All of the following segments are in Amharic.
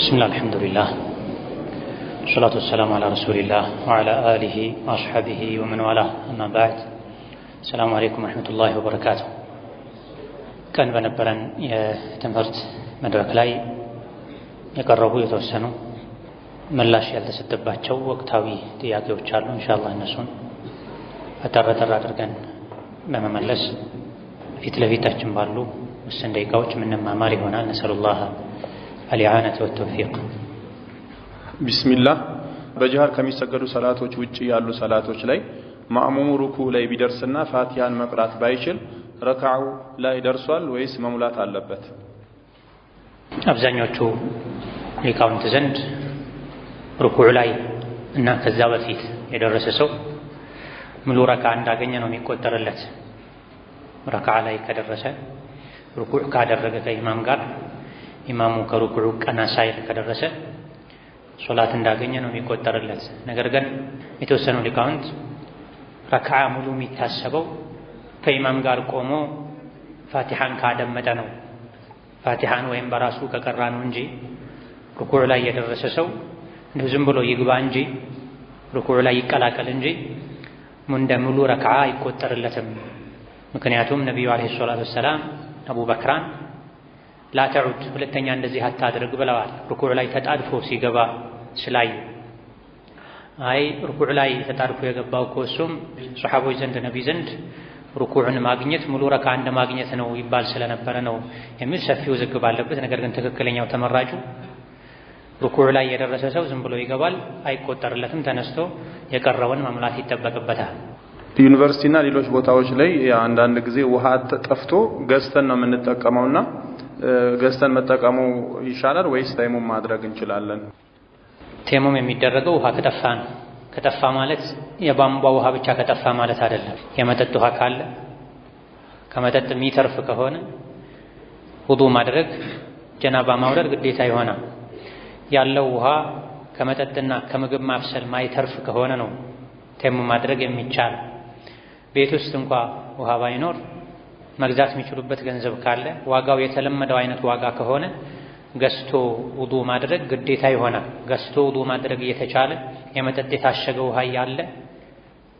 بسم الله الحمد لله الصلاة والسلام على رسول الله وعلى آله وأصحابه ومن والاه أما بعد السلام عليكم ورحمة الله وبركاته كان بنبرا تمرت مدرك لاي يقربوا يتوسنوا من لا شيء لتسدبه تشوق تاوي تياكي وشارلو إن شاء الله نسون أترى ترى كان مما ملس في تلفيته جنبارلو والسنديقاوش من نمام مالي هنا نسأل الله አልኢዓነት ወተውፊቅ። ቢስሚላህ በጅሃር ከሚሰገዱ ሰላቶች ውጭ ያሉ ሰላቶች ላይ ማእሙሙ ሩኩ ላይ ቢደርስና ፋቲሃን መቅራት ባይችል ረካዑ ላይ ደርሷል ወይስ መሙላት አለበት? አብዛኞቹ ሊቃውንት ዘንድ ሩኩዕ ላይ እና ከዛ በፊት የደረሰ ሰው ሙሉ ረካ እንዳገኘ ነው የሚቆጠርለት። ረካ ላይ ከደረሰ ሩኩዕ ካደረገ ከኢማም ጋር ኢማሙ ከሩኩዕ ቀና ሳይል ከደረሰ ሶላት እንዳገኘ ነው የሚቆጠርለት። ነገር ግን የተወሰኑ ሊቃውንት ረክዓ ሙሉ የሚታሰበው ከኢማም ጋር ቆሞ ፋቲሓን ካደመጠ ነው ፋቲሓን ወይም በራሱ ከቀራ ነው እንጂ ርኩዕ ላይ የደረሰ ሰው እንዲሁ ዝም ብሎ ይግባ እንጂ ርኩዕ ላይ ይቀላቀል እንጂ እንደ ሙሉ ረክዓ አይቆጠርለትም። ምክንያቱም ነቢዩ ዓለይሂ ሰላቱ ወሰላም አቡበክራን ላተዑድ ሁለተኛ እንደዚህ አታድርግ ብለዋል። ርኩዕ ላይ ተጣድፎ ሲገባ ስላዩ አይ ርኩዕ ላይ ተጣድፎ የገባው ከሱም ሶሐቦች ዘንድ ነቢ ዘንድ ርኩዕን ማግኘት ሙሉ ረካ እንደ ማግኘት ነው ይባል ስለነበረ ነው የሚል ሰፊ ውዝግብ አለበት። ነገር ግን ትክክለኛው ተመራጩ ርኩዕ ላይ የደረሰ ሰው ዝም ብሎ ይገባል፣ አይቆጠርለትም። ተነስቶ የቀረውን መምላት ይጠበቅበታል። ዩኒቨርሲቲና ሌሎች ቦታዎች ላይ አንዳንድ ጊዜ ውሃ ጠፍቶ ገዝተን ነው የምንጠቀመውና ገዝተን መጠቀሙ ይሻላል ወይስ ተይሙም ማድረግ እንችላለን? ተይሙም የሚደረገው ውሃ ከጠፋ ነው። ከጠፋ ማለት የቧንቧ ውሃ ብቻ ከጠፋ ማለት አይደለም። የመጠጥ ውሃ ካለ ከመጠጥ የሚተርፍ ከሆነ ውዱ ማድረግ ጀናባ ማውረድ ግዴታ ይሆናል። ያለው ውሃ ከመጠጥና ከምግብ ማብሰል ማይተርፍ ከሆነ ነው ተይሙም ማድረግ የሚቻል። ቤት ውስጥ እንኳ ውሃ ባይኖር መግዛት የሚችሉበት ገንዘብ ካለ ዋጋው የተለመደው አይነት ዋጋ ከሆነ ገዝቶ ውዱ ማድረግ ግዴታ ይሆናል። ገዝቶ ውዱ ማድረግ እየተቻለ የመጠጥ የታሸገ ውሃ እያለ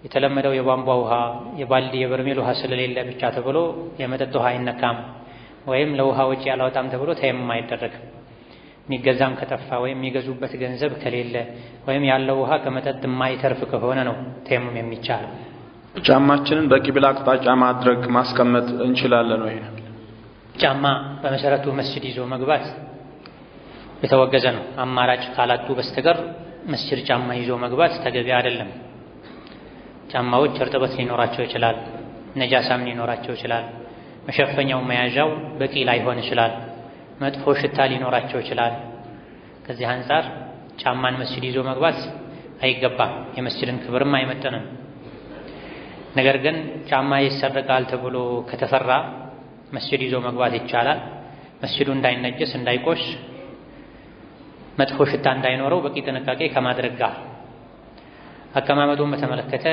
የተለመደው የቧንቧ ውሃ፣ የባልዲ፣ የበርሜል ውሃ ስለሌለ ብቻ ተብሎ የመጠጥ ውሃ አይነካም ወይም ለውሃ ወጪ ያላወጣም ተብሎ ተየምም አይደረግም። የሚገዛም ከጠፋ ወይም የሚገዙበት ገንዘብ ከሌለ ወይም ያለው ውሃ ከመጠጥ የማይተርፍ ከሆነ ነው ተየምም የሚቻለው። ጫማችንን በቂብላ አቅጣጫ ማድረግ ማስቀመጥ እንችላለን ወይ? ጫማ በመሰረቱ መስጂድ ይዞ መግባት የተወገዘ ነው። አማራጭ ካላጡ በስተቀር መስጂድ ጫማ ይዞ መግባት ተገቢ አይደለም። ጫማዎች እርጥበት ሊኖራቸው ይችላል፣ ነጃሳም ሊኖራቸው ይችላል። መሸፈኛው መያዣው በቂ ላይሆን ይችላል፣ መጥፎ ሽታ ሊኖራቸው ይችላል። ከዚህ አንጻር ጫማን መስጂድ ይዞ መግባት አይገባም፣ የመስጂድን ክብርም አይመጥንም። ነገር ግን ጫማ ይሰረቃል ተብሎ ከተፈራ መስጅድ ይዞ መግባት ይቻላል። መስጅዱ እንዳይነጭስ እንዳይቆሽ፣ መጥፎ ሽታ እንዳይኖረው በቂ ጥንቃቄ ከማድረግ ጋር አቀማመጡን በተመለከተ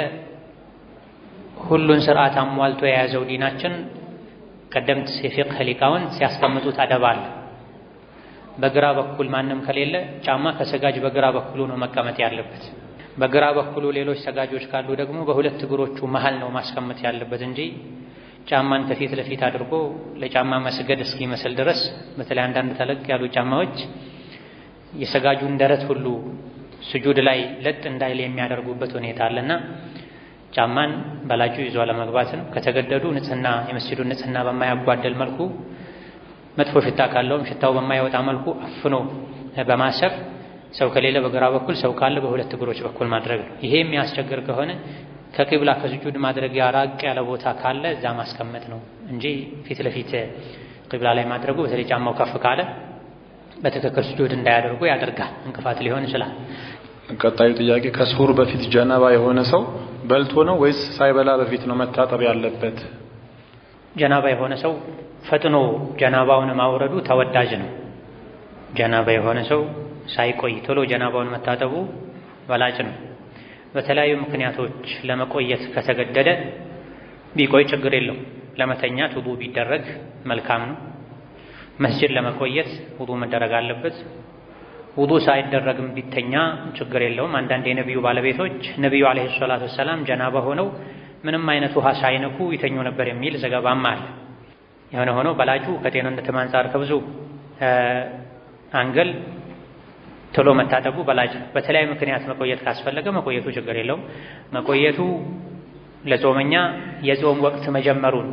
ሁሉን ስርዓት አሟልቶ የያዘው ዲናችን ቀደምት የፊቅህ ሊቃውንት ሲያስቀምጡት አደባል በግራ በኩል ማንም ከሌለ ጫማ ከሰጋጅ በግራ በኩሉ ነው መቀመጥ ያለበት። በግራ በኩሉ ሌሎች ሰጋጆች ካሉ ደግሞ በሁለት እግሮቹ መሃል ነው ማስቀመጥ ያለበት እንጂ ጫማን ከፊት ለፊት አድርጎ ለጫማ መስገድ እስኪመስል ድረስ በተለይ አንዳንድ ተለቅ ያሉ ጫማዎች የሰጋጁን ደረት ሁሉ ስጁድ ላይ ለጥ እንዳይል የሚያደርጉበት ሁኔታ አለና ጫማን በላጁ ይዞ ለመግባት ነው። ከተገደዱ ንጽህና የመስጅዱን ንጽህና በማያጓደል መልኩ መጥፎ ሽታ ካለውም ሽታው በማይወጣ መልኩ አፍኖ በማሰር ሰው ከሌለ በግራ በኩል ሰው ካለ በሁለት እግሮች በኩል ማድረግ ነው። ይሄ የሚያስቸግር ከሆነ ከቂብላ ከስጁድ ማድረግ ራቅ ያለ ቦታ ካለ እዛ ማስቀመጥ ነው እንጂ ፊት ለፊት ቂብላ ላይ ማድረጉ በተለይ ጫማው ከፍ ካለ በትክክል ስጁድ እንዳያደርጉ ያደርጋል፣ እንቅፋት ሊሆን ይችላል። ቀጣዩ ጥያቄ ከስሁር በፊት ጀነባ የሆነ ሰው በልቶ ነው ወይስ ሳይበላ በፊት ነው መታጠብ ያለበት? ጀናባ የሆነ ሰው ፈጥኖ ጀናባውን ማውረዱ ተወዳጅ ነው። ጀናባ የሆነ ሰው ሳይቆይ ቶሎ ጀናባውን መታጠቡ በላጭ ነው። በተለያዩ ምክንያቶች ለመቆየት ከተገደደ ቢቆይ ችግር የለው። ለመተኛት ውዱእ ቢደረግ መልካም ነው። መስጅድ ለመቆየት ውዱ መደረግ አለበት። ውዱ ሳይደረግም ቢተኛ ችግር የለውም። አንዳንድ የነቢዩ ባለቤቶች ነቢዩ ዓለይሂ ሰላቱ ወሰላም ጀናባ ሆነው ምንም አይነት ውሃ ሳይነኩ ይተኙ ነበር የሚል ዘገባም አለ። የሆነ ሆኖ በላጩ ከጤንነትም አንጻር ከብዙ አንገል ቶሎ መታጠቡ በላጭ ነው። በተለያዩ ምክንያት መቆየት ካስፈለገ መቆየቱ ችግር የለውም። መቆየቱ ለጾመኛ የጾም ወቅት መጀመሩን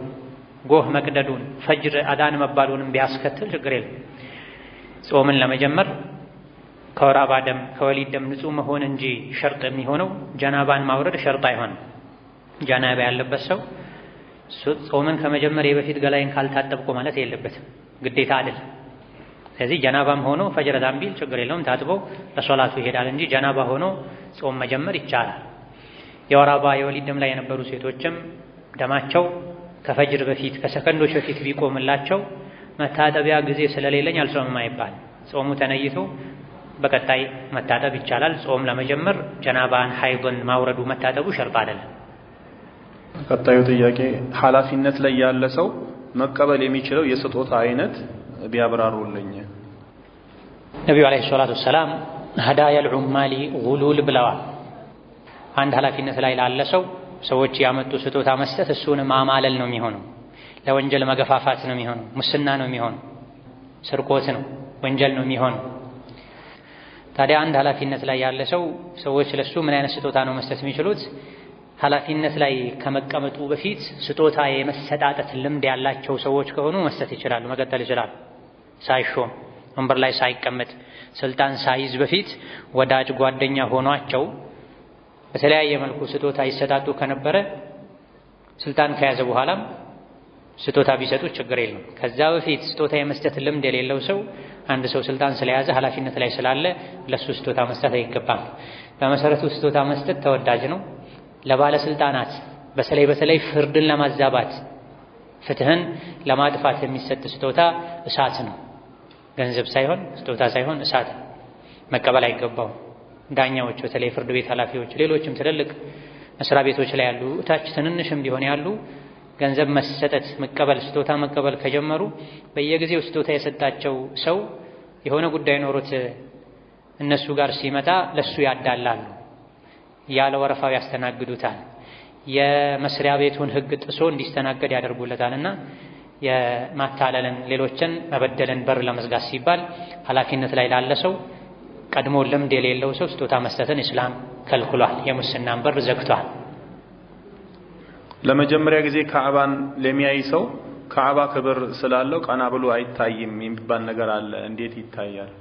ጎህ መቅደዱን ፈጅር አዳን መባሉንም ቢያስከትል ችግር የለም። ጾምን ለመጀመር ከወራባ ደም ከወሊድ ደም ንጹህ መሆን እንጂ ሸርጥ የሚሆነው ጀናባን ማውረድ ሸርጥ አይሆንም። ጀናባ ያለበት ሰው ጾምን ከመጀመር የበፊት ገላይን ካልታጠብቁ ማለት የለበትም፣ ግዴታ አይደለም። ስለዚህ ጀናባም ሆኖ ፈጅረ አዛን ቢል ችግር የለውም ታጥቦ ለሶላቱ ይሄዳል እንጂ ጀናባ ሆኖ ጾም መጀመር ይቻላል። የወር አበባ የወሊድ ደም ላይ የነበሩ ሴቶችም ደማቸው ከፈጅር በፊት ከሰከንዶች በፊት ቢቆምላቸው መታጠቢያ ጊዜ ስለሌለኝ አልጾምም አይባል። ጾሙ ተነይቶ በቀጣይ መታጠብ ይቻላል። ጾም ለመጀመር ጀናባን ሀይጎን ማውረዱ መታጠቡ ሸርጥ አይደለም። ቀጣዩ ጥያቄ ኃላፊነት ላይ ያለ ሰው መቀበል የሚችለው የስጦታ አይነት ቢያብራሩልኝ። ነቢዩ ዓለይሂ ሰላቱ ወሰላም ሀዳያል ዑማሊ ጉሉል ብለዋል። አንድ ኃላፊነት ላይ ላለ ሰው ሰዎች ያመጡ ስጦታ መስጠት እሱን ማማለል ነው የሚሆነው። ለወንጀል መገፋፋት ነው የሚሆነው። ሙስና ነው የሚሆነው። ስርቆት ነው፣ ወንጀል ነው የሚሆነው። ታዲያ አንድ ኃላፊነት ላይ ያለ ሰው ሰዎች ለሱ ምን አይነት ስጦታ ነው መስጠት የሚችሉት? ኃላፊነት ላይ ከመቀመጡ በፊት ስጦታ የመሰጣጠት ልምድ ያላቸው ሰዎች ከሆኑ መስጠት ይችላሉ፣ መቀጠል ይችላሉ። ሳይሾም ወንበር ላይ ሳይቀመጥ ስልጣን ሳይዝ በፊት ወዳጅ ጓደኛ ሆኗቸው በተለያየ መልኩ ስጦታ ይሰጣጡ ከነበረ ስልጣን ከያዘ በኋላም ስጦታ ቢሰጡ ችግር የለም። ከዛ በፊት ስጦታ የመስጠት ልምድ የሌለው ሰው አንድ ሰው ስልጣን ስለያዘ ኃላፊነት ላይ ስላለ ለሱ ስጦታ መስጠት አይገባም። በመሰረቱ ስጦታ መስጠት ተወዳጅ ነው። ለባለስልጣናት በተለይ በተለይ ፍርድን ለማዛባት ፍትህን ለማጥፋት የሚሰጥ ስጦታ እሳት ነው። ገንዘብ ሳይሆን ስጦታ ሳይሆን እሳት መቀበል አይገባውም። ዳኛዎች፣ በተለይ ፍርድ ቤት ኃላፊዎች፣ ሌሎችም ትልልቅ መስሪያ ቤቶች ላይ ያሉ እታች ትንንሽም ቢሆን ያሉ ገንዘብ መሰጠት መቀበል ስጦታ መቀበል ከጀመሩ በየጊዜው ስጦታ የሰጣቸው ሰው የሆነ ጉዳይ ኖሮት እነሱ ጋር ሲመጣ ለሱ ያዳላሉ፣ ያለ ወረፋው ያስተናግዱታል፣ የመስሪያ ቤቱን ሕግ ጥሶ እንዲስተናገድ እና የማታለልን ሌሎችን መበደልን በር ለመዝጋት ሲባል ኃላፊነት ላይ ላለ ሰው ቀድሞ ልምድ የሌለው ሰው ስጦታ መስጠትን ኢስላም ከልክሏል። የሙስናን በር ዘግቷል። ለመጀመሪያ ጊዜ ካዕባን ለሚያይ ሰው ካዕባ ክብር ስላለው ቀና ብሎ አይታይም የሚባል ነገር አለ። እንዴት ይታያል?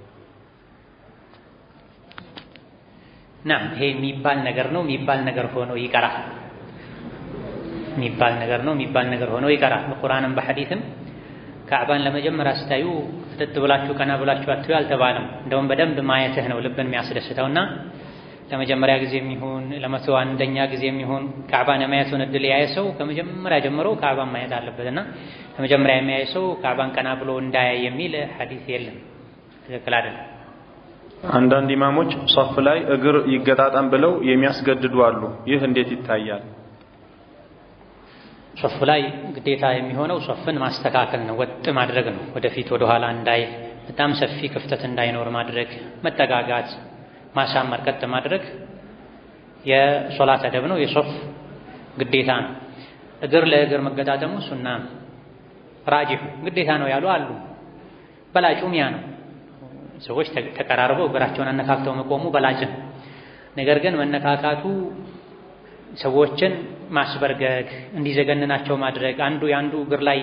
ና ይሄ የሚባል ነገር ነው። የሚባል ነገር ሆኖ ይቀራል። የሚባል ነገር ነው የሚባል ነገር ሆኖ ይቀራል። በቁርአንም በሐዲስም ካዕባን ለመጀመሪያ ስታዩ ፍጥጥ ብላችሁ ቀና ብላችሁ አትዩ አልተባለም። እንደውም በደንብ ማየትህ ነው ልብን የሚያስደስተውና ለመጀመሪያ ጊዜ የሚሆን ለመቶ አንደኛ ጊዜ የሚሆን ካዕባን የማየቱን እድል ያየ ሰው ከመጀመሪያ ጀምሮ ካዕባን ማየት አለበትና ከመጀመሪያ የሚያየ ሰው ካዕባን ቀና ብሎ እንዳያይ የሚል ሐዲስ የለም። ትክክል አይደለም። አንዳንድ ኢማሞች ሶፍ ላይ እግር ይገጣጠም ብለው የሚያስገድዱ አሉ። ይህ እንዴት ይታያል? ሶፍ ላይ ግዴታ የሚሆነው ሶፍን ማስተካከል ነው፣ ወጥ ማድረግ ነው። ወደፊት ወደኋላ እንዳይ በጣም ሰፊ ክፍተት እንዳይኖር ማድረግ፣ መጠጋጋት፣ ማሳመር፣ ቀጥ ማድረግ የሶላት አደብ ነው፣ የሶፍ ግዴታ ነው። እግር ለእግር መገጣጠሙ ሱና ነው፣ ግዴታ ነው ያሉ አሉ። በላጩም ያ ነው። ሰዎች ተቀራርበው እግራቸውን አነካክተው መቆሙ በላጭ፣ ነገር ግን መነካካቱ ሰዎችን ማስበርገግ፣ እንዲዘገንናቸው ማድረግ፣ አንዱ የአንዱ እግር ላይ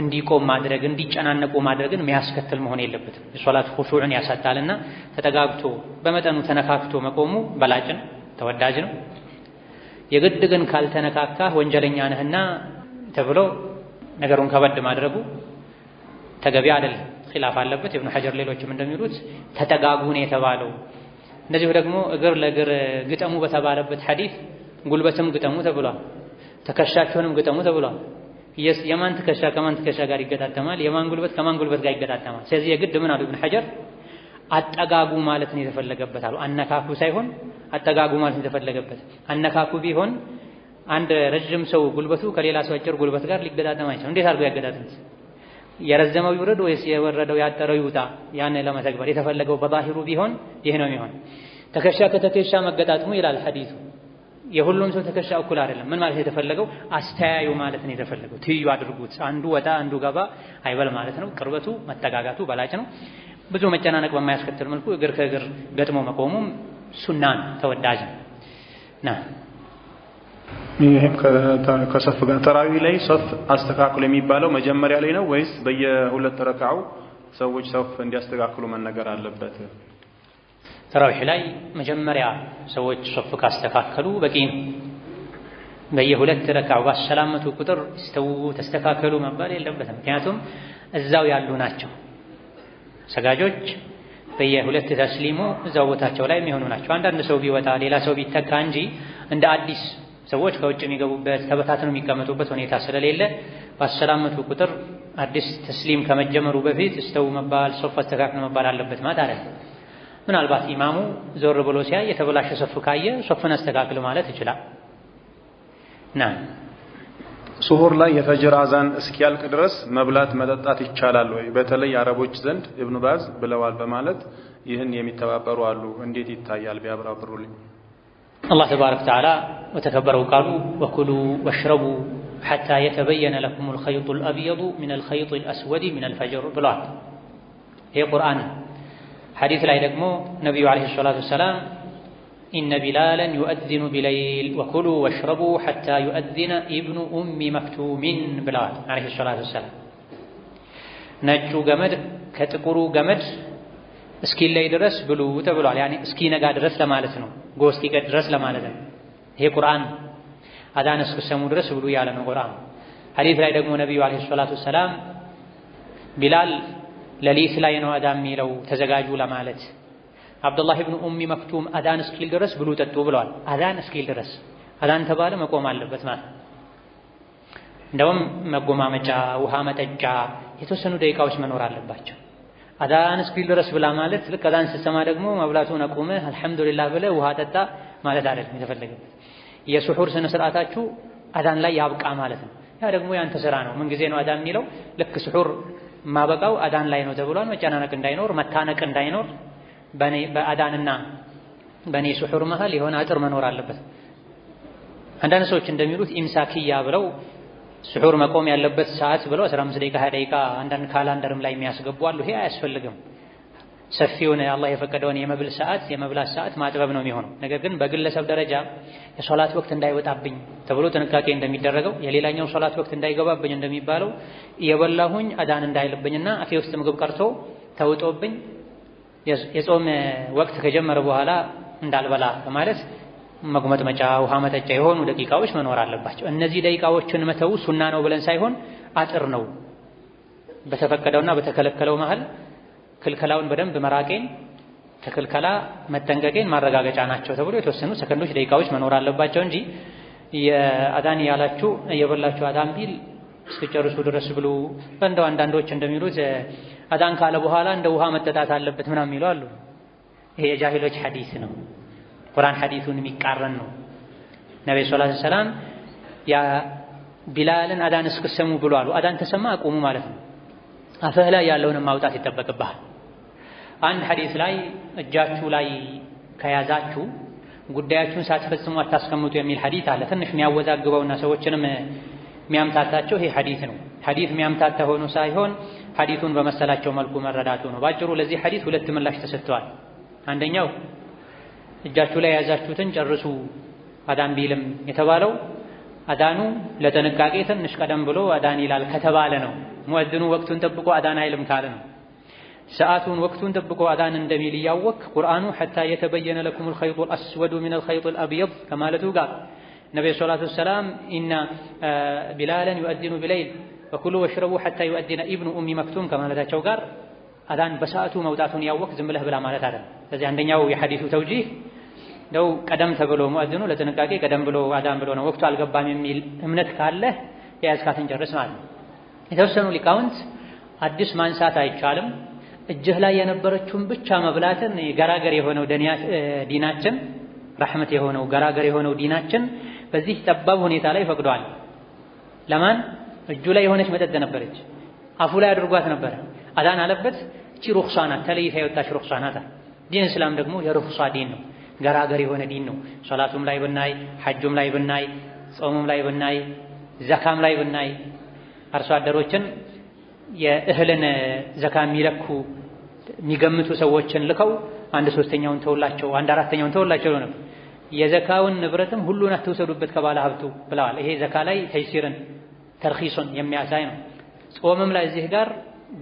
እንዲቆም ማድረግ፣ እንዲጨናነቁ ማድረግን የሚያስከትል መሆን የለበትም። የሶላት ኹሹዕን ያሳጣልና ተጠጋግቶ በመጠኑ ተነካክቶ መቆሙ በላጭ ነው፣ ተወዳጅ ነው። የግድ ግን ካልተነካካህ ወንጀለኛ ነህና ተብሎ ነገሩን ከበድ ማድረጉ ተገቢ አይደለም። ኺላፍ አለበት። ኢብኑ ሐጀር ሌሎችም እንደሚሉት ተጠጋጉን የተባለው። እንደዚሁ ደግሞ እግር ለእግር ግጠሙ በተባለበት ሐዲስ ጉልበትም ግጠሙ ተብሏል። ትከሻችሁንም ግጠሙ ተብሏል። የማን ትከሻ ከማን ትከሻ ጋር ይገጣጠማል? የማን ጉልበት ከማን ጉልበት ጋር ይገጣጠማል? ስለዚህ የግድ ምን አሉ ኢብኑ ሐጀር አጠጋጉ ማለት ነው የተፈለገበት አሉ። አነካኩ ሳይሆን አጠጋጉ ማለት ነው የተፈለገበት። አነካኩ ቢሆን አንድ ረጅም ሰው ጉልበቱ ከሌላ ሰው አጭር ጉልበት ጋር ሊገጣጠም አይችልም። እንዴት አድርገው ያገጣጥምት? የረዘመው ይውረድ ወይስ የወረደው ያጠረው ይውጣ? ያን ለመተግበር የተፈለገው በባህሩ ቢሆን ይህ ነው የሚሆን። ትከሻ ከትከሻ መገጣጥሙ ይላል ሐዲሱ የሁሉም ሰው ትከሻ እኩል አይደለም። ምን ማለት የተፈለገው አስተያዩ ማለት ነው የተፈለገው። ትይዩ አድርጉት። አንዱ ወጣ አንዱ ገባ አይበል ማለት ነው። ቅርበቱ መጠጋጋቱ በላጭ ነው። ብዙ መጨናነቅ በማያስከትል መልኩ እግር ከእግር ገጥሞ መቆሙም ነው፣ ተወዳጅ ነው። ይህም ከሰፍ ጋር ተራዊ ላይ ሰፍ አስተካክሉ የሚባለው መጀመሪያ ላይ ነው ወይስ በየሁለት ረካው ሰዎች ሰፍ እንዲያስተካክሉ መነገር አለበት? ተራዊሕ ላይ መጀመሪያ ሰዎች ሶፍ ካስተካከሉ በቂ ነው። በየሁለት ረካው ባሰላመቱ ቁጥር ስተው ተስተካከሉ መባል የለበትም። ምክንያቱም እዛው ያሉ ናቸው ሰጋጆች በየሁለት ተስሊሙ እዛው ቦታቸው ላይ የሚሆኑ ናቸው። አንዳንድ ሰው ቢወጣ ሌላ ሰው ቢተካ እንጂ እንደ አዲስ ሰዎች ከውጭ የሚገቡበት ተበታትነው የሚቀመጡበት ሁኔታ ስለሌለ ባሰላመቱ ቁጥር አዲስ ተስሊም ከመጀመሩ በፊት እስተው መባል ሶፍ አስተካክሉ መባል አለበት ማለት አይደለም። ምናልባት ኢማሙ ዞር ብሎ ሲያይ የተበላሸ ሶፍ ካየ ሶፍን አስተካክል ማለት ይችላል። ና ሱሁር ላይ የፈጅር አዛን እስኪያልቅ ድረስ መብላት መጠጣት ይቻላል ወይ? በተለይ አረቦች ዘንድ እብኑ ባዝ ብለዋል በማለት ይህን የሚተባበሩ አሉ። እንዴት ይታያል? ቢያብራብሩልኝ። አላህ ተባረከ ወተዓላ በተከበረው ቃሉ ወኩሉ ወሽረቡ ሐታ የተበየነ ለኩም አልኸይጡ አልአብየዱ ሚነል ኸይጢል አስወዲ ሚነል ፈጅር ብለዋል። ይሄ ቁርአን ነው። ሐዲስ ላይ ደግሞ ነቢዩ ዓለይሂ ሰላቱ ወሰላም ኢነ ቢላለን ዩአዚኑ ቢለይል ወኩሉ ወሽረቡ ሐታ ዩአዚነ ኢብኑ ኡሚ መክቱሚን ብለዋል ዓለይሂ ሰላቱ ወሰላም። ነጩ ገመድ ከጥቁሩ ገመድ እስኪለይ ድረስ ብሉ ተብሏል። ያኔ እስኪነጋ ድረስ ለማለት ነው። ጎህ እስኪቀድ ድረስ ለማለት ነው። ይሄ ቁርአን አዛን እስክሰሙ ድረስ ብሉ ያለ ነው ቁርአን። ሐዲስ ላይ ደግሞ ነቢዩ ዓለይሂ ሰላቱ ወሰላም ቢላል ለሊት ላይ ነው አዳን የሚለው ተዘጋጁ ለማለት አብዱላህ ብን ኡሚ መክቱም አዳን እስኪል ድረስ ብሉ ጠጡ ብለዋል። አዳን እስኪል ድረስ አዳን ተባለ መቆም አለበት ማለት እንደውም መጎማመጫ ውሃ መጠጫ የተወሰኑ ደቂቃዎች መኖር አለባቸው። አዳን እስኪል ድረስ ብላ ማለት ልክ አዳን ስትሰማ ደግሞ መብላቱን አቁመህ አልሐምዱሊላህ ብለ ውሃ ጠጣ ማለት አይደለም የተፈለገበት። የሱሑር ስነ ስርዓታችሁ አዳን ላይ ያብቃ ማለት ነው። ያ ደግሞ ያንተ ስራ ነው። ምን ጊዜ ነው አዳን የሚለው ልክ ሱሑር ማበቃው አዳን ላይ ነው ተብሏል። መጨናነቅ እንዳይኖር መታነቅ እንዳይኖር በአዳንና በእኔ ስሑር መሃል የሆነ አጥር መኖር አለበት። አንዳንድ ሰዎች እንደሚሉት ኢምሳኪያ ብለው ስሑር መቆም ያለበት ሰዓት ብለው 15 ደቂቃ 20 ደቂቃ አንዳንድ ካላንደርም ላይ የሚያስገቡ አሉ። ይሄ አያስፈልግም። ሰፊውን አላህ የፈቀደውን የመብል ሰዓት የመብላት ሰዓት ማጥበብ ነው የሚሆነው። ነገር ግን በግለሰብ ደረጃ የሶላት ወቅት እንዳይወጣብኝ ተብሎ ጥንቃቄ እንደሚደረገው የሌላኛው ሶላት ወቅት እንዳይገባብኝ እንደሚባለው የበላሁኝ አዳን እንዳይልብኝና አፌ ውስጥ ምግብ ቀርቶ ተውጦብኝ የጾም ወቅት ከጀመረ በኋላ እንዳልበላ በማለት መጉመጥመጫ፣ ውሃ መጠጫ የሆኑ ደቂቃዎች መኖር አለባቸው። እነዚህ ደቂቃዎችን መተው ሱና ነው ብለን ሳይሆን አጥር ነው በተፈቀደውና በተከለከለው መሃል ክልከላውን በደንብ መራቄን ከክልከላ መጠንቀቄን ማረጋገጫ ናቸው ተብሎ የተወሰኑ ሰከንዶች፣ ደቂቃዎች መኖር አለባቸው እንጂ የአዳን ያላችሁ የበላችሁ አዳን ቢል እስክጨርሱ ድረስ ብሉ። እንደው አንዳንዶች እንደሚሉት አዳን ካለ በኋላ እንደ ውሃ መጠጣት አለበት ምናምን የሚሉ አሉ። ይሄ የጃሂሎች ሐዲስ ነው። ቁርአን ሐዲሱን የሚቃረን ነው። ነብይ ሰለላሁ ዐለይሂ ያ ቢላልን አዳን እስክሰሙ ብሎ አሉ። አዳን ተሰማ አቁሙ ማለት ነው። አፈህ ላይ ያለውንም ማውጣት ይጠበቅብሃል። አንድ ሐዲስ ላይ እጃችሁ ላይ ከያዛችሁ ጉዳያችሁን ሳትፈጽሙ አታስቀምጡ የሚል ሐዲስ አለ። ትንሽ የሚያወዛግበውና ሰዎችንም የሚያምታታቸው ይሄ ሐዲስ ነው። ሐዲስ የሚያምታታ ሆኖ ሳይሆን ሐዲሱን በመሰላቸው መልኩ መረዳቱ ነው። ባጭሩ ለዚህ ሐዲስ ሁለት ምላሽ ተሰጥተዋል። አንደኛው እጃችሁ ላይ የያዛችሁትን ጨርሱ አዳን ቢልም የተባለው አዳኑ ለጥንቃቄ ትንሽ ቀደም ብሎ አዳን ይላል ከተባለ ነው። ሙአዝኑ ወቅቱን ጠብቆ አዳን አይልም ካለ ነው። ሰዓቱን ወቅቱን ጠብቆ አዛን እንደሚል እያወቅ ቁርአኑ ሐታ የተበየነ ለኩሙል ኸይጡል አስወዱ ሚነል ኸይጡል አብየድ ከማለቱ ጋር ነቢዩ ሰላቱ ወሰላም ኢና ቢላለን ዩአዚኑ ቢለይል ወኩሉ ወሽረቡ ሐታ ዩአዚነ ኢብኑ ኡሚ መክቱም ከማለታቸው ጋር አዛን በሰዓቱ መውጣቱን እያወቅ ዝም ብለህ ብላ ማለት አለ። ስለዚህ አንደኛው የሐዲሱ ተውጂህ እንደው ቀደም ተብሎ ሙአዚኑ ለጥንቃቄ ቀደም ብሎ አዛን ብሎ ነው ወቅቱ አልገባም የሚል እምነት ካለህ የያዝካትን ጨርስ ማለት ነው። የተወሰኑ ሊቃውንት አዲስ ማንሳት አይቻልም እጅህ ላይ የነበረችውን ብቻ መብላትን ገራገር የሆነው ዲናችን ረሕመት የሆነው ገራገር የሆነው ዲናችን በዚህ ጠባብ ሁኔታ ላይ ፈቅዷል። ለማን እጁ ላይ የሆነች መጠጥ ነበረች፣ አፉ ላይ አድርጓት ነበረ። አዛን አለበት። እቺ ሩክሷ ናት፣ ተለይታ የወጣች ሩክሷ ናት። ዲን እስላም ደግሞ የሩክሷ ዲን ነው፣ ገራገር የሆነ ዲን ነው። ሶላቱም ላይ ብናይ፣ ሐጁም ላይ ብናይ፣ ጾሙም ላይ ብናይ፣ ዘካም ላይ ብናይ አርሶ አደሮችን የእህልን ዘካ የሚለኩ የሚገምቱ ሰዎችን ልከው አንድ ሶስተኛውን ተውላቸው፣ አንድ አራተኛውን ተውላቸው ነው። የዘካውን ንብረትም ሁሉን አትውሰዱበት ከባለ ሀብቱ ብለዋል። ይሄ ዘካ ላይ ተይሲርን ተርኺሱን የሚያሳይ ነው። ጾምም ላይ እዚህ ጋር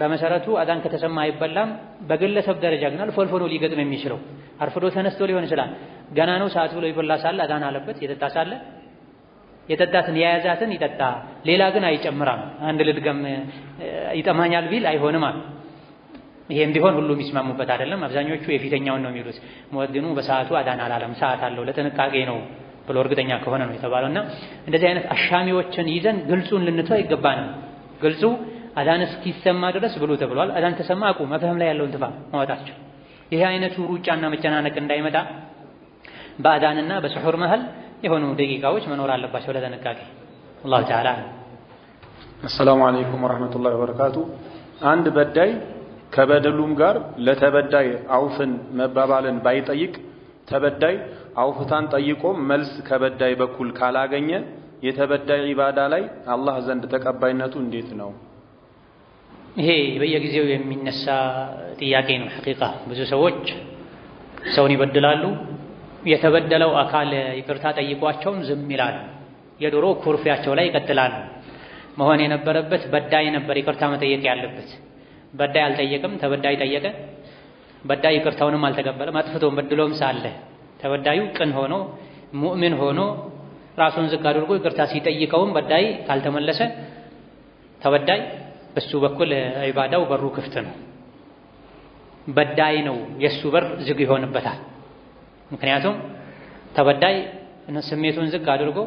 በመሰረቱ አዳን ከተሰማ አይበላም። በግለሰብ ደረጃ ግን አልፎ አልፎ ነው ሊገጥም የሚችለው። አርፍዶ ተነስቶ ሊሆን ይችላል። ገና ነው ሰዓት ብሎ ይበላ ሳለ አዳን አለበት የጠጣ ሳለ የጠጣትን የያዛትን ይጠጣ፣ ሌላ ግን አይጨምራም። አንድ ልድገም ይጠማኛል ቢል አይሆንም አለ ይሄም ቢሆን ሁሉም ይስማሙበት አይደለም። አብዛኞቹ የፊተኛውን ነው የሚሉት። ሙእዚኑ በሰዓቱ አዳን አላለም፣ ሰዓት አለው ለጥንቃቄ ነው ብሎ እርግጠኛ ከሆነ ነው እና እንደዚህ አይነት አሻሚዎችን ይዘን ግልጹን ልንተው አይገባንም። ግልጹ አዳን እስኪሰማ ድረስ ብሉ ተብሏል። አዳን ተሰማ አቁ መፍህም ላይ ያለውን ትፋ ማውጣቸው። ይሄ አይነቱ ሩጫና መጨናነቅ እንዳይመጣ በአዳንና በስሑር መሃል የሆኑ ደቂቃዎች መኖር አለባቸው ለጥንቃቄ። አላሁ ተዓላ አሰላሙ አለይኩም ወረሕመቱላሂ ወበረካቱ አንድ በዳይ ከበደሉም ጋር ለተበዳይ አውፍን መባባልን ባይጠይቅ ተበዳይ አውፍታን ጠይቆ መልስ ከበዳይ በኩል ካላገኘ የተበዳይ ኢባዳ ላይ አላህ ዘንድ ተቀባይነቱ እንዴት ነው? ይሄ በየጊዜው የሚነሳ ጥያቄ ነው። ሐቂቃ ብዙ ሰዎች ሰውን ይበድላሉ። የተበደለው አካል ይቅርታ ጠይቋቸውን ዝም ይላል። የድሮ ኩርፊያቸው ላይ ይቀጥላሉ። መሆን የነበረበት በዳይ ነበር ይቅርታ መጠየቅ ያለበት በዳይ አልጠየቅም፣ ተበዳይ ጠየቀ። በዳይ ይቅርታውንም አልተቀበለም። አጥፍቶም በድሎም ሳለ ተበዳዩ ቅን ሆኖ ሙእሚን ሆኖ ራሱን ዝቅ አድርጎ ይቅርታ ሲጠይቀውም በዳይ ካልተመለሰ ተበዳይ በሱ በኩል ዒባዳው በሩ ክፍት ነው። በዳይ ነው የሱ በር ዝግ ይሆንበታል። ምክንያቱም ተበዳይ ስሜቱን ዝግ አድርጎ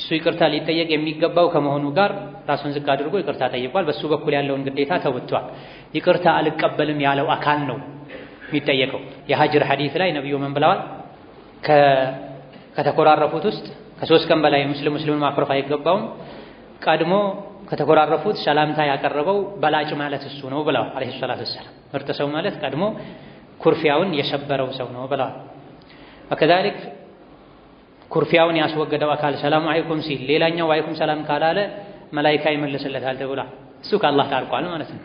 እሱ ይቅርታ ሊጠየቅ የሚገባው ከመሆኑ ጋር ራሱን ዝቅ አድርጎ ይቅርታ ጠይቋል። በሱ በኩል ያለውን ግዴታ ተወጥቷል። ይቅርታ አልቀበልም ያለው አካል ነው የሚጠየቀው። የሀጅር ሐዲስ ላይ ነቢዩ ምን ብለዋል? ከተኮራረፉት ውስጥ ከሶስት ቀን በላይ ሙስሊም ሙስሊምን ማኩረፍ አይገባውም። ቀድሞ ከተኮራረፉት ሰላምታ ያቀረበው በላጭ ማለት እሱ ነው ብለዋል አለይሂ ሰላቱ ወሰላም። ምርጥ ሰው ማለት ቀድሞ ኩርፊያውን የሰበረው ሰው ነው ብለዋል። ወከዛሊክ ኩርፊያውን ያስወገደው አካል ሰላሙ አለይኩም ሲል ሌላኛው አለይኩም ሰላም ካላለ መላይካ ይመልስለታል ተብሏል። እሱ ከአላህ ታርቋል ማለት ነው።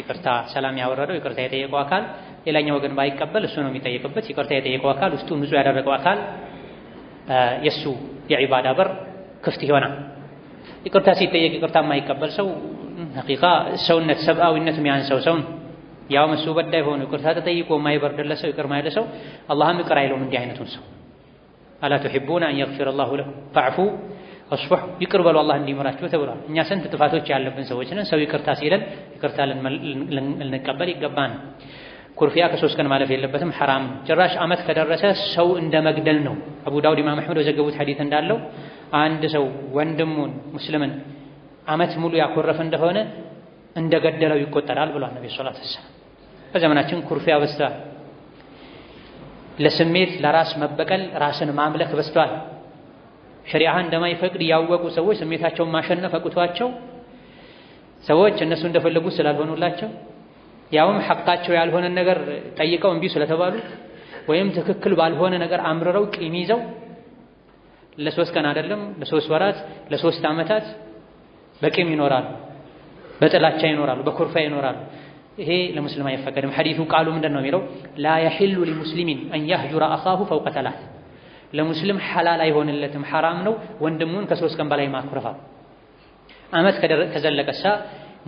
ይቅርታ ሰላም ያወረደው ይቅርታ የጠየቀው አካል ሌላኛው ወገን ባይቀበል እሱ ነው የሚጠየቅበት። ይቅርታ የጠየቀው አካል ውስጡ ንጹህ ያደረገው አካል የእሱ የዒባዳ በር ክፍት ይሆናል። ይቅርታ ሲጠየቅ ይቅርታ የማይቀበል ሰው ሐቂቃ ሰውነት ሰብአዊነት የሚያንሰው ሰው ያው እሱ በዳይ ሆኖ ይቅርታ ተጠይቆ የማይበርድለት ሰው ይቅር ማይለ ሰው አላህም ይቅር አይለውም። እንዲህ አይነቱን ሰው አላ ቱሒቡና አን የግፊረ ላሁ ለኩም ፈዕፉ ወስፉሕ ይቅር በሉ አላህ እንዲመራችሁ ተብሏል። እኛ ስንት ጥፋቶች ያለብን ሰዎች ነን። ሰው ይቅርታ ሲለን ይቅርታ ልንቀበል ይገባን። ኩርፊያ ከሶስት ቀን ማለፍ የለበትም ሐራም። ጭራሽ ዓመት ከደረሰ ሰው እንደ መግደል ነው። አቡ ዳውድ ኢማም አሕመድ በዘገቡት ሐዲት እንዳለው አንድ ሰው ወንድሙን ሙስልምን ዓመት ሙሉ ያኮረፈ እንደሆነ እንደ ገደለው ይቆጠራል ብሏል ነቢ ሰለላሁ ዐለይሂ በዘመናችን ኩርፊያ በዝቷል። ለስሜት ለራስ መበቀል ራስን ማምለክ በዝቷል። ሸሪዓ እንደማይፈቅድ ያወቁ ሰዎች ስሜታቸውን ማሸነፍ አቅቷቸው ሰዎች እነሱ እንደፈለጉ ስላልሆኑላቸው ያውም ሐቃቸው ያልሆነ ነገር ጠይቀው እምቢ ስለተባሉ ወይም ትክክል ባልሆነ ነገር አምርረው ቂም ይዘው ለሶስት ቀን አይደለም ለሶስት ወራት ለሶስት ዓመታት በቂም ይኖራሉ፣ በጥላቻ ይኖራሉ፣ በኩርፋ ይኖራሉ። ይሄ ለሙስሊም አይፈቀድም። ሐዲሱ ቃሉ ምንድን ነው የሚለው? ላ የሒሉ ሊሙስሊሚን አን ያህጁረ አኻሁ ፈውቀ ተላት ለሙስሊም ሐላል አይሆንለትም፣ ሐራም ነው። ወንድሙን ከሶስት ቀን በላይ ማኩረፋል አመት ከዘለቀሳ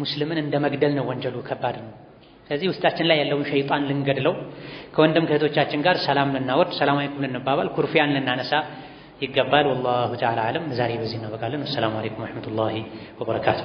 ሙስሊምን እንደ መግደል ነው ወንጀሉ፣ ከባድ ነው። ስለዚህ ውስጣችን ላይ ያለውን ሸይጣን ልንገድለው፣ ከወንድም ከእህቶቻችን ጋር ሰላም ልናወርድ፣ ሰላም አለይኩም ልንባባል፣ ኩርፊያን ልናነሳ ይገባል። ወላሁ ተዓላ አለም። ዛሬ በዚህ እናበቃለን። ወሰላሙ አለይኩም ወረሕመቱላሂ ወበረካቱ።